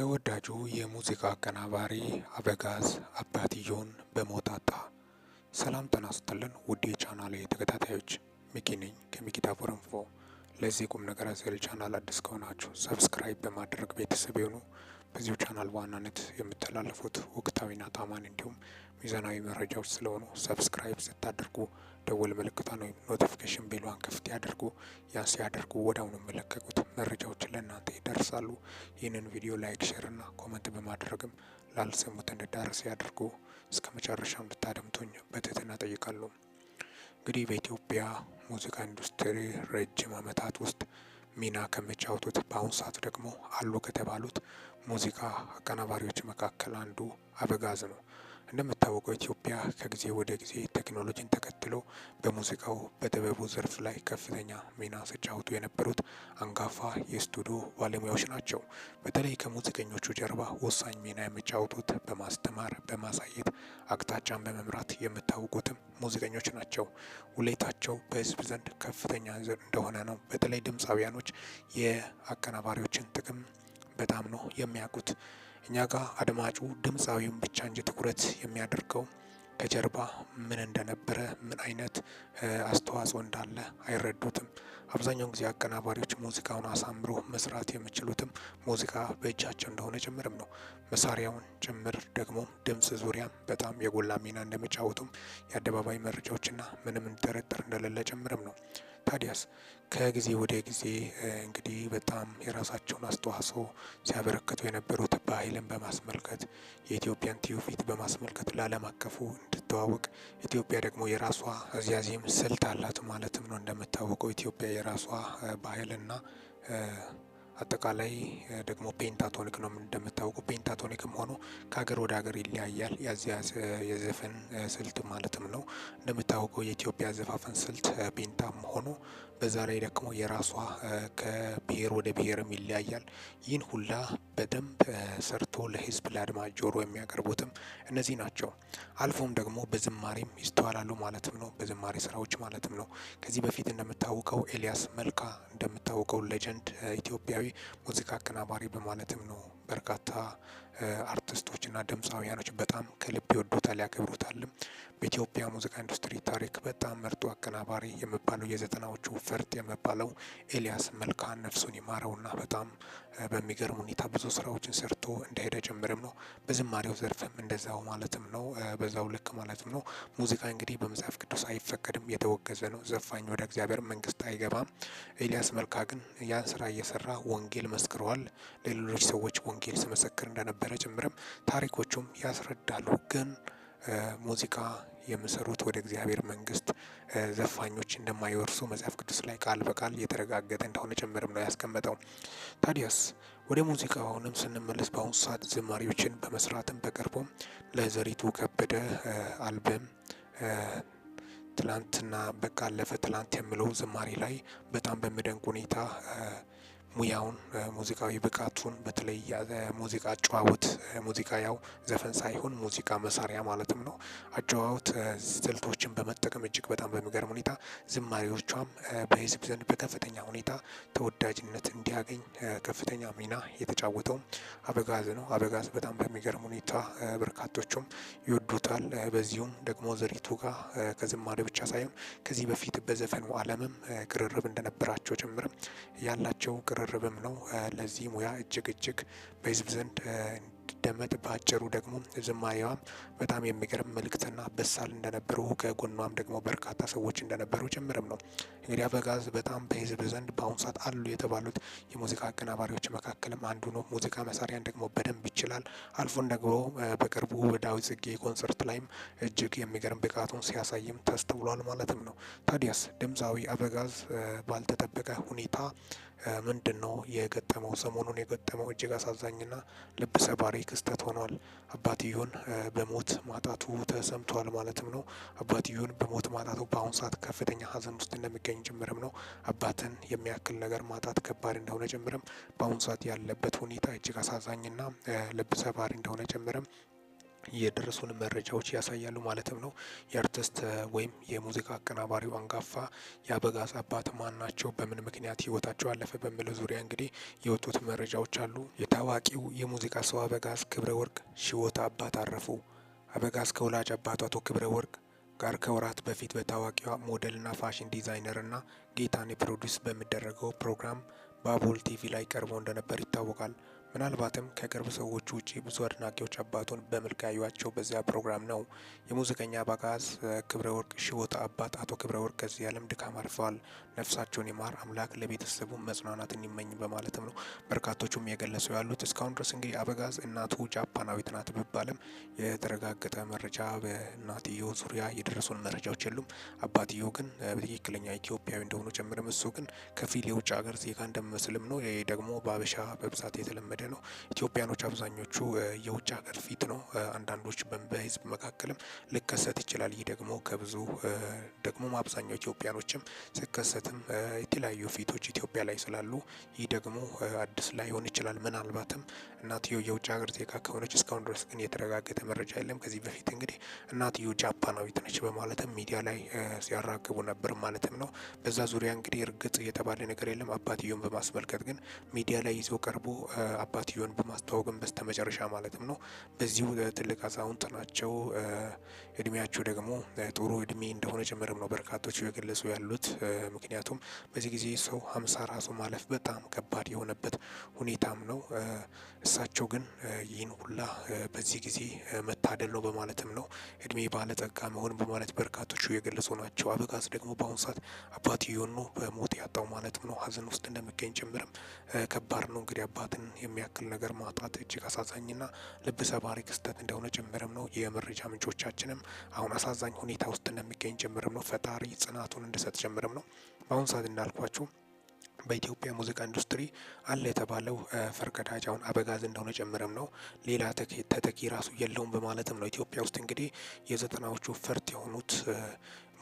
ተወዳጁ የሙዚቃ አቀናባሪ አበጋዝ አባትዮን በሞት አጣ። ሰላም ጤና ይስጥልን ውድ የቻናሌ ተከታታዮች፣ ሚኪ ነኝ ከሚኪታ ፎረንፎ። ለዚህ ቁም ነገር አዘል ቻናል አዲስ ከሆናችሁ ሰብስክራይብ በማድረግ ቤተሰብ የሆኑ በዚሁ ቻናል በዋናነት የምተላለፉት ወቅታዊና ታማኝ እንዲሁም ሚዛናዊ መረጃዎች ስለሆኑ ሰብስክራይብ ስታደርጉ ደወል ምልክቷን ወይም ኖቲፊኬሽን ቤሏን ክፍት ያደርጉ። ያን ሲያደርጉ ወዲያውኑ የሚለቀቁት መረጃዎችን ለእናንተ ይደርሳሉ። ይህንን ቪዲዮ ላይክ፣ ሼርና ኮመንት በማድረግም ላልሰሙት እንድዳረስ ያደርጉ። እስከ መጨረሻው እንድታደምጡኝ በትህትና ጠይቃለሁ። እንግዲህ በኢትዮጵያ ሙዚቃ ኢንዱስትሪ ረጅም ዓመታት ውስጥ ሚና ከሚጫወቱት በአሁኑ ሰዓት ደግሞ አሉ ከተባሉት ሙዚቃ አቀናባሪዎች መካከል አንዱ አበጋዝ ነው። እንደምታወቀው ኢትዮጵያ ከጊዜ ወደ ጊዜ ቴክኖሎጂን ተከትሎ በሙዚቃው በጥበቡ ዘርፍ ላይ ከፍተኛ ሚና ሲጫወቱ የነበሩት አንጋፋ የስቱዲዮ ባለሙያዎች ናቸው። በተለይ ከሙዚቀኞቹ ጀርባ ወሳኝ ሚና የሚጫወቱት በማስተማር በማሳየት አቅጣጫን በመምራት የሚታወቁትም ሙዚቀኞች ናቸው። ውለታቸው በህዝብ ዘንድ ከፍተኛ እንደሆነ ነው። በተለይ ድምፃውያኖች የአቀናባሪዎችን ጥቅም በጣም ነው የሚያውቁት። እኛ ጋር አድማጩ ድምፃዊውን ብቻ እንጂ ትኩረት የሚያደርገው ከጀርባ ምን እንደነበረ ምን አይነት አስተዋጽኦ እንዳለ አይረዱትም። አብዛኛውን ጊዜ አቀናባሪዎች ሙዚቃውን አሳምሮ መስራት የሚችሉትም ሙዚቃ በእጃቸው እንደሆነ ጭምርም ነው። መሳሪያውን ጭምር ደግሞ ድምፅ ዙሪያ በጣም የጎላ ሚና እንደሚጫወቱም የአደባባይ መረጃዎችና ምንም እንጠረጠር እንደሌለ ጭምርም ነው። ታዲያስ ከጊዜ ወደ ጊዜ እንግዲህ በጣም የራሳቸውን አስተዋጽኦ ሲያበረክቱ የነበሩት ባህልን በማስመልከት የኢትዮጵያን ትውፊት በማስመልከት ለዓለም አቀፉ እንድትተዋወቅ ኢትዮጵያ ደግሞ የራሷ እዚያዚህም ስልት አላት ማለትም ነው። እንደምታወቀው ኢትዮጵያ የራሷ ባህልና አጠቃላይ ደግሞ ፔንታቶኒክ ነው። እንደምታውቁ ፔንታቶኒክም ሆኖ ከሀገር ወደ ሀገር ይለያያል። ያዚያ የዘፈን ስልት ማለትም ነው። እንደምታውቀው የኢትዮጵያ ዘፋፈን ስልት ፔንታም ሆኖ በዛ ላይ ደግሞ የራሷ ከብሔር ወደ ብሔርም ይለያያል። ይህን ሁላ በደንብ ሰርቶ ለህዝብ ለአድማጭ ጆሮ የሚያቀርቡትም እነዚህ ናቸው። አልፎም ደግሞ በዝማሬም ይስተዋላሉ ማለትም ነው፣ በዝማሬ ስራዎች ማለትም ነው። ከዚህ በፊት እንደምታወቀው ኤልያስ መልካ እንደምታወቀው ሌጀንድ ኢትዮጵያዊ ሙዚቃ አቀናባሪ በማለትም ነው በርካታ አርቲስቶችና ድምፃውያኖች በጣም ከልብ ይወዱታል ያከብሩታልም። በኢትዮጵያ ሙዚቃ ኢንዱስትሪ ታሪክ በጣም ምርጡ አቀናባሪ የሚባለው የዘጠናዎቹ ፈርጥ የሚባለው ኤልያስ መልካ ነፍሱን ይማረውና በጣም በሚገርም ሁኔታ ብዙ ስራዎችን ሰርቶ እንደሄደ ጭምርም ነው። በዝማሬው ዘርፍም እንደዛው ማለትም ነው፣ በዛው ልክ ማለትም ነው። ሙዚቃ እንግዲህ በመጽሐፍ ቅዱስ አይፈቀድም፣ የተወገዘ ነው። ዘፋኝ ወደ እግዚአብሔር መንግስት አይገባም። ኤልያስ መልካ ግን ያን ስራ እየሰራ ወንጌል መስክረዋል። ለሌሎች ሰዎች ወንጌል ስመሰክር እንደነበር እንደነበረ ጭምርም ታሪኮቹም ያስረዳሉ። ግን ሙዚቃ የሚሰሩት ወደ እግዚአብሔር መንግስት ዘፋኞች እንደማይወርሱ መጽሐፍ ቅዱስ ላይ ቃል በቃል የተረጋገጠ እንደሆነ ጭምርም ነው ያስቀመጠው። ታዲያስ ወደ አሁንም ስንመለስ በአሁኑ ሰዓት ዝማሪዎችን በመስራትም በቅርቡም ለዘሪቱ ከበደ አልበም ትላንትና በቃ አለፈ ትላንት የምለው ዝማሬ ላይ በጣም በሚደንቅ ሁኔታ ሙያውን ሙዚቃዊ ብቃቱን በተለይ ሙዚቃ አጨዋወት ሙዚቃ ያው ዘፈን ሳይሆን ሙዚቃ መሳሪያ ማለትም ነው። አጨዋወት ስልቶችን በመጠቀም እጅግ በጣም በሚገርም ሁኔታ ዝማሪዎቿም በህዝብ ዘንድ በከፍተኛ ሁኔታ ተወዳጅነት እንዲያገኝ ከፍተኛ ሚና የተጫወተውም አበጋዝ ነው። አበጋዝ በጣም በሚገርም ሁኔታ በርካቶቹም ይወዱታል። በዚሁም ደግሞ ዘሪቱ ጋር ከዝማሬ ብቻ ሳይሆን ከዚህ በፊት በዘፈኑ አለምም ቅርርብ እንደነበራቸው ጭምርም ያላቸው ቅርርብ ርብርብም ነው ለዚህ ሙያ እጅግ እጅግ በህዝብ ዘንድ እንዲደመጥ በአጭሩ ደግሞ ዝማሬዋ በጣም የሚገርም መልእክትና በሳል እንደነበሩ ከጎኗም ደግሞ በርካታ ሰዎች እንደነበሩ ጭምርም ነው። እንግዲህ አበጋዝ በጣም በህዝብ ዘንድ በአሁኑ ሰዓት አሉ የተባሉት የሙዚቃ አቀናባሪዎች መካከልም አንዱ ነው። ሙዚቃ መሳሪያን ደግሞ በደንብ ይችላል። አልፎን ደግሞ በቅርቡ በዳዊት ጽጌ ኮንሰርት ላይም እጅግ የሚገርም ብቃቱን ሲያሳይም ተስተውሏል ማለትም ነው። ታዲያስ ድምፃዊ አበጋዝ ባልተጠበቀ ሁኔታ ምንድን ነው የገጠመው? ሰሞኑን የገጠመው እጅግ አሳዛኝና ልብ ሰባሪ ክስተት ሆኗል። አባትዮን በሞት ማጣቱ ተሰምቷል ማለትም ነው። አባትዮን በሞት ማጣቱ በአሁኑ ሰዓት ከፍተኛ ሀዘን ውስጥ እንደሚገኝ ጭምርም ነው። አባትን የሚያክል ነገር ማጣት ከባድ እንደሆነ ጭምርም በአሁኑ ሰዓት ያለበት ሁኔታ እጅግ አሳዛኝና ልብ ሰባሪ እንደሆነ ጭምርም የደረሱን መረጃዎች ያሳያሉ ማለትም ነው። የአርቲስት ወይም የሙዚቃ አቀናባሪው አንጋፋ የአበጋዝ አባት ማን ናቸው? በምን ምክንያት ህይወታቸው አለፈ? በሚለው ዙሪያ እንግዲህ የወጡት መረጃዎች አሉ። የታዋቂው የሙዚቃ ሰው አበጋዝ ክብረ ወርቅ ሽወታ አባት አረፉ። አበጋዝ ከወላጅ አባቱ አቶ ክብረ ወርቅ ጋር ከወራት በፊት በታዋቂዋ ሞዴልና ፋሽን ዲዛይነርና ጌታኔ ፕሮዲስ በሚደረገው ፕሮግራም ባቦል ቲቪ ላይ ቀርቦ እንደነበር ይታወቃል። ምናልባትም ከቅርብ ሰዎች ውጪ ብዙ አድናቂዎች አባቱን በመልክ ያዩዋቸው በዚያ ፕሮግራም ነው። የሙዚቀኛ አበጋዝ ክብረ ወርቅ ሽወታ አባት አቶ ክብረ ወርቅ ከዚህ ዓለም ድካም አርፈዋል። ነፍሳቸውን ይማር አምላክ ለቤተሰቡ መጽናናትን ይመኝ በማለትም ነው በርካቶቹም የገለጹ ያሉት። እስካሁን ድረስ እንግዲህ አበጋዝ እናቱ ጃፓናዊት ናት ብባለም የተረጋገጠ መረጃ በእናትዮ ዙሪያ የደረሱን መረጃዎች የሉም። አባትዮ ግን በትክክለኛ ኢትዮጵያዊ እንደሆኑ ጨምርም እሱ ግን ከፊል የውጭ ሀገር ዜጋ እንደሚመስልም ነው። ይህ ደግሞ በአበሻ በብዛት የተለመደ የተለመደ ነው። ኢትዮጵያኖች አብዛኞቹ የውጭ ሀገር ፊት ነው። አንዳንዶች በህዝብ መካከልም ልከሰት ይችላል። ይህ ደግሞ ከብዙ ደግሞ አብዛኛው ኢትዮጵያኖችም ሲከሰትም የተለያዩ ፊቶች ኢትዮጵያ ላይ ስላሉ ይህ ደግሞ አዲስ ላይሆን ይችላል። ምናልባትም እናትዮ የውጭ ሀገር ዜጋ ከሆነች እስካሁን ድረስ ግን የተረጋገጠ መረጃ የለም። ከዚህ በፊት እንግዲህ እናትዮ ጃፓናዊት ነች በማለትም ሚዲያ ላይ ሲያራግቡ ነበር ማለትም ነው። በዛ ዙሪያ እንግዲህ እርግጥ የተባለ ነገር የለም። አባትዮን በማስመልከት ግን ሚዲያ ላይ ይዞ ቀርቦ አባትዮን በማስተዋወቅም በስተመጨረሻ ማለትም ነው በዚሁ ትልቅ አዛውንት ናቸው። እድሜያቸው ደግሞ ጥሩ እድሜ እንደሆነ ጭምርም ነው በርካቶች የገለጹ ያሉት። ምክንያቱም በዚህ ጊዜ ሰው ሀምሳ ራሱ ማለፍ በጣም ከባድ የሆነበት ሁኔታም ነው። እሳቸው ግን ይህን ሁላ በዚህ ጊዜ መታደል ነው በማለትም ነው እድሜ ባለጠጋ መሆን በማለት በርካቶቹ የገለጹ ናቸው። አበጋዝ ደግሞ በአሁኑ ሰዓት አባትዮን በሞት ያጣው ማለትም ነው ሀዘን ውስጥ እንደሚገኝ ጭምርም ከባድ ነው እንግዲህ አባትን የሚ የሚያክል ነገር ማጣት እጅግ አሳዛኝና ልብ ሰባሪ ክስተት እንደሆነ ጭምርም ነው። የመረጃ ምንጮቻችንም አሁን አሳዛኝ ሁኔታ ውስጥ እንደሚገኝ ጭምርም ነው። ፈጣሪ ጽናቱን እንድሰጥ ጭምርም ነው። በአሁኑ ሰዓት እንዳልኳችሁ በኢትዮጵያ ሙዚቃ ኢንዱስትሪ አለ የተባለው ፈርቀዳጅ አሁን አበጋዝ እንደሆነ ጭምርም ነው። ሌላ ተተኪ ራሱ የለውም በማለትም ነው ኢትዮጵያ ውስጥ እንግዲህ የዘጠናዎቹ ፈርጥ የሆኑት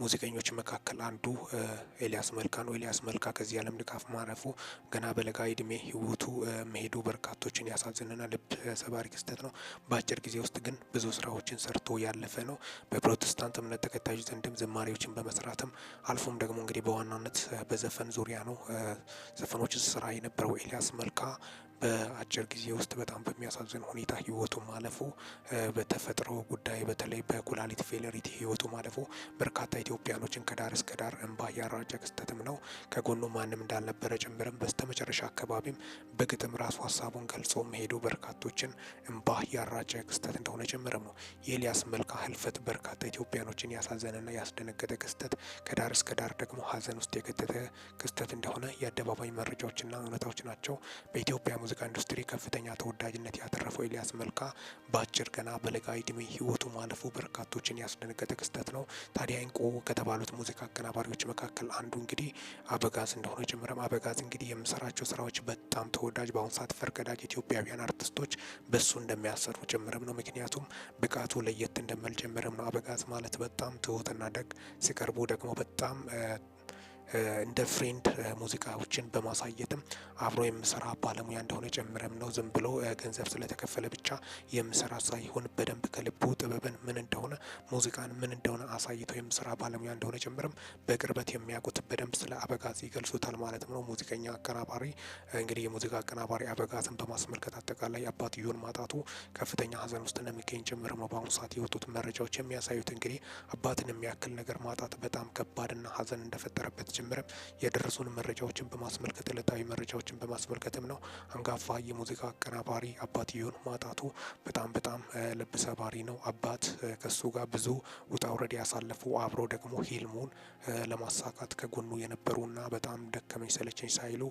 ሙዚቀኞች መካከል አንዱ ኤልያስ መልካ ነው። ኤልያስ መልካ ከዚህ ዓለም ድጋፍ ማረፉ ገና በለጋ እድሜ ህይወቱ መሄዱ በርካቶችን ያሳዝንና ልብ ሰባሪ ክስተት ነው። በአጭር ጊዜ ውስጥ ግን ብዙ ስራዎችን ሰርቶ ያለፈ ነው። በፕሮቴስታንት እምነት ተከታዮች ዘንድም ዝማሬዎችን በመስራትም አልፎም ደግሞ እንግዲህ በዋናነት በዘፈን ዙሪያ ነው ዘፈኖችን ስራ የነበረው ኤልያስ መልካ በአጭር ጊዜ ውስጥ በጣም በሚያሳዝን ሁኔታ ህይወቱ ማለፉ በተፈጥሮ ጉዳይ በተለይ በኩላሊት ፌለሪቲ ህይወቱ ማለፉ በርካታ ኢትዮጵያኖችን ከዳር እስከ ዳር እንባ ያራጨ ክስተትም ነው። ከጎኑ ማንም እንዳልነበረ ጭምርም በስተመጨረሻ አካባቢም በግጥም ራሱ ሀሳቡን ገልጾ መሄዱ በርካቶችን እንባ ያራጨ ክስተት እንደሆነ ጭምርም ነው። የኤልያስ መልካ ህልፈት በርካታ ኢትዮጵያኖችን ያሳዘነና ያስደነገጠ ክስተት፣ ከዳር እስከ ዳር ደግሞ ሀዘን ውስጥ የከተተ ክስተት እንደሆነ የአደባባይ መረጃዎችና እውነታዎች ናቸው። በኢትዮጵያ በሙዚቃ ኢንዱስትሪ ከፍተኛ ተወዳጅነት ያተረፈው ኤልያስ መልካ በአጭር ገና በለጋ እድሜ ህይወቱ ማለፉ በርካቶችን ያስደነገጠ ክስተት ነው። ታዲያ እንቁ ከተባሉት ሙዚቃ አቀናባሪዎች መካከል አንዱ እንግዲህ አበጋዝ እንደሆነ ጭምርም አበጋዝ እንግዲህ የምሰራቸው ስራዎች በጣም ተወዳጅ፣ በአሁኑ ሰዓት ፈርቀዳጅ ኢትዮጵያውያን አርቲስቶች በሱ እንደሚያሰሩ ጭምርም ነው። ምክንያቱም ብቃቱ ለየት እንደመል ጭምርም ነው። አበጋዝ ማለት በጣም ትሁትና ደግ ሲቀርቡ ደግሞ በጣም እንደ ፍሬንድ ሙዚቃዎችን በማሳየትም አብሮ የምሰራ ባለሙያ እንደሆነ ጨምረም ነው። ዝም ብሎ ገንዘብ ስለተከፈለ ብቻ የምሰራ ሳይሆን በደንብ ከልቡ ጥበብን ምን እንደሆነ ሙዚቃን ምን እንደሆነ አሳይቶ የምሰራ ባለሙያ እንደሆነ ጨምረም በቅርበት የሚያውቁት በደንብ ስለ አበጋዝ ይገልጹታል ማለት ነው። ሙዚቀኛ አቀናባሪ እንግዲህ የሙዚቃ አቀናባሪ አበጋዝን በማስመልከት አጠቃላይ አባትዮን ማጣቱ ከፍተኛ ሀዘን ውስጥ እንደሚገኝ ጭምርም ነው። በአሁኑ ሰዓት የወጡት መረጃዎች የሚያሳዩት እንግዲህ አባትን የሚያክል ነገር ማጣት በጣም ከባድና ሀዘን እንደፈጠረበት ጭምርም የደረሱን መረጃዎችን በማስመልከት ዕለታዊ መረጃዎችን በማስመልከትም ነው። አንጋፋ የሙዚቃ አቀናባሪ አባትየውን ማጣቱ በጣም በጣም ልብ ሰባሪ ነው። አባት ከሱ ጋር ብዙ ውጣ ውረድ ያሳለፉ አብሮ ደግሞ ሂልሙን ለማሳካት ከጎኑ የነበሩና በጣም ደከመኝ ሰለቸኝ ሳይሉ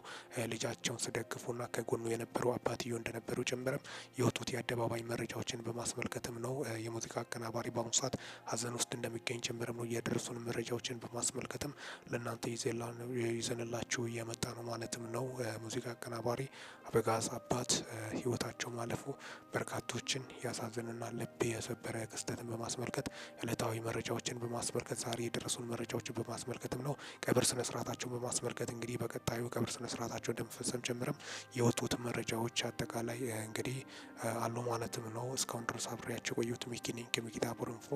ልጃቸውን ስደግፉና ከጎኑ የነበሩ አባትዮ እንደነበሩ ጭምርም የወጡት የአደባባይ መረጃዎችን በማስመልከትም ነው። የሙዚቃ አቀናባሪ በአሁኑ ሰዓት ሀዘን ውስጥ እንደሚገኝ ጭምርም ነው። የደረሱን መረጃዎችን በማስመልከትም ለእናንተ ይዘንላችሁ እየመጣ ነው ማለትም ነው። ሙዚቃ አቀናባሪ አበጋዝ አባት ህይወታቸው ማለፉ በርካቶችን ያሳዘንና ልብ የሰበረ ክስተትን በማስመልከት ዕለታዊ መረጃዎችን በማስመልከት ዛሬ የደረሱን መረጃዎችን በማስመልከትም ነው ቀብር ስነስርዓታቸውን በማስመልከት እንግዲህ በቀጣዩ ቀብር ስነስርዓታቸው እንደሚፈጸም ጀምረም የወጡት መረጃዎች አጠቃላይ እንግዲህ አሉ ማለትም ነው። እስካሁን ድረስ አብሬያቸው ቆዩት ሚኪ ነኝ ከሚኪታ ቦርንፎ።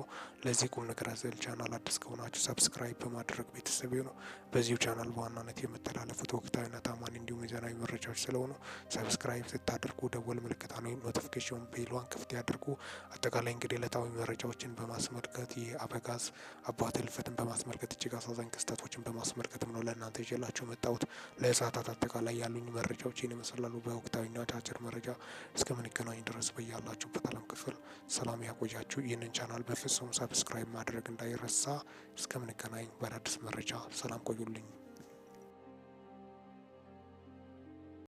ለዚህ ቁም ነገር አዘል ቻናል አዲስ ከሆናችሁ ሰብስክራይብ በማድረግ ቤተሰብ ነው። በዚሁ ቻናል በዋናነት የምተላለፉት ወቅታዊና ታማኒ እንዲሁም የዘናዊ መረጃዎች ስለሆኑ ሰብስክራይብ ስታደርጉ ደወል ምልክታ ነው ኖቲፊኬሽን ቤሏን ክፍት ያደርጉ። አጠቃላይ እንግዲህ ዕለታዊ መረጃዎችን በማስመልከት የአበጋዝ አባት ህልፈትን በማስመልከት እጅግ አሳዛኝ ክስተቶችን በማስመልከትም ነው ለእናንተ ይዤላችሁ መጣሁት። ለእሳታት አጠቃላይ ያሉኝ መረጃዎች ይህን ይመስላሉ። በወቅታዊና አጫጭር መረጃ እስከምንገናኝ ድረስ በያላችሁበት ዓለም ክፍል ሰላም ያቆያችሁ። ይህንን ቻናል በፍጹም ሰብስክራይብ ማድረግ እንዳይረሳ። እስከምንገናኝ በአዳዲስ መረጃ ሰላም ቆዩ። dulu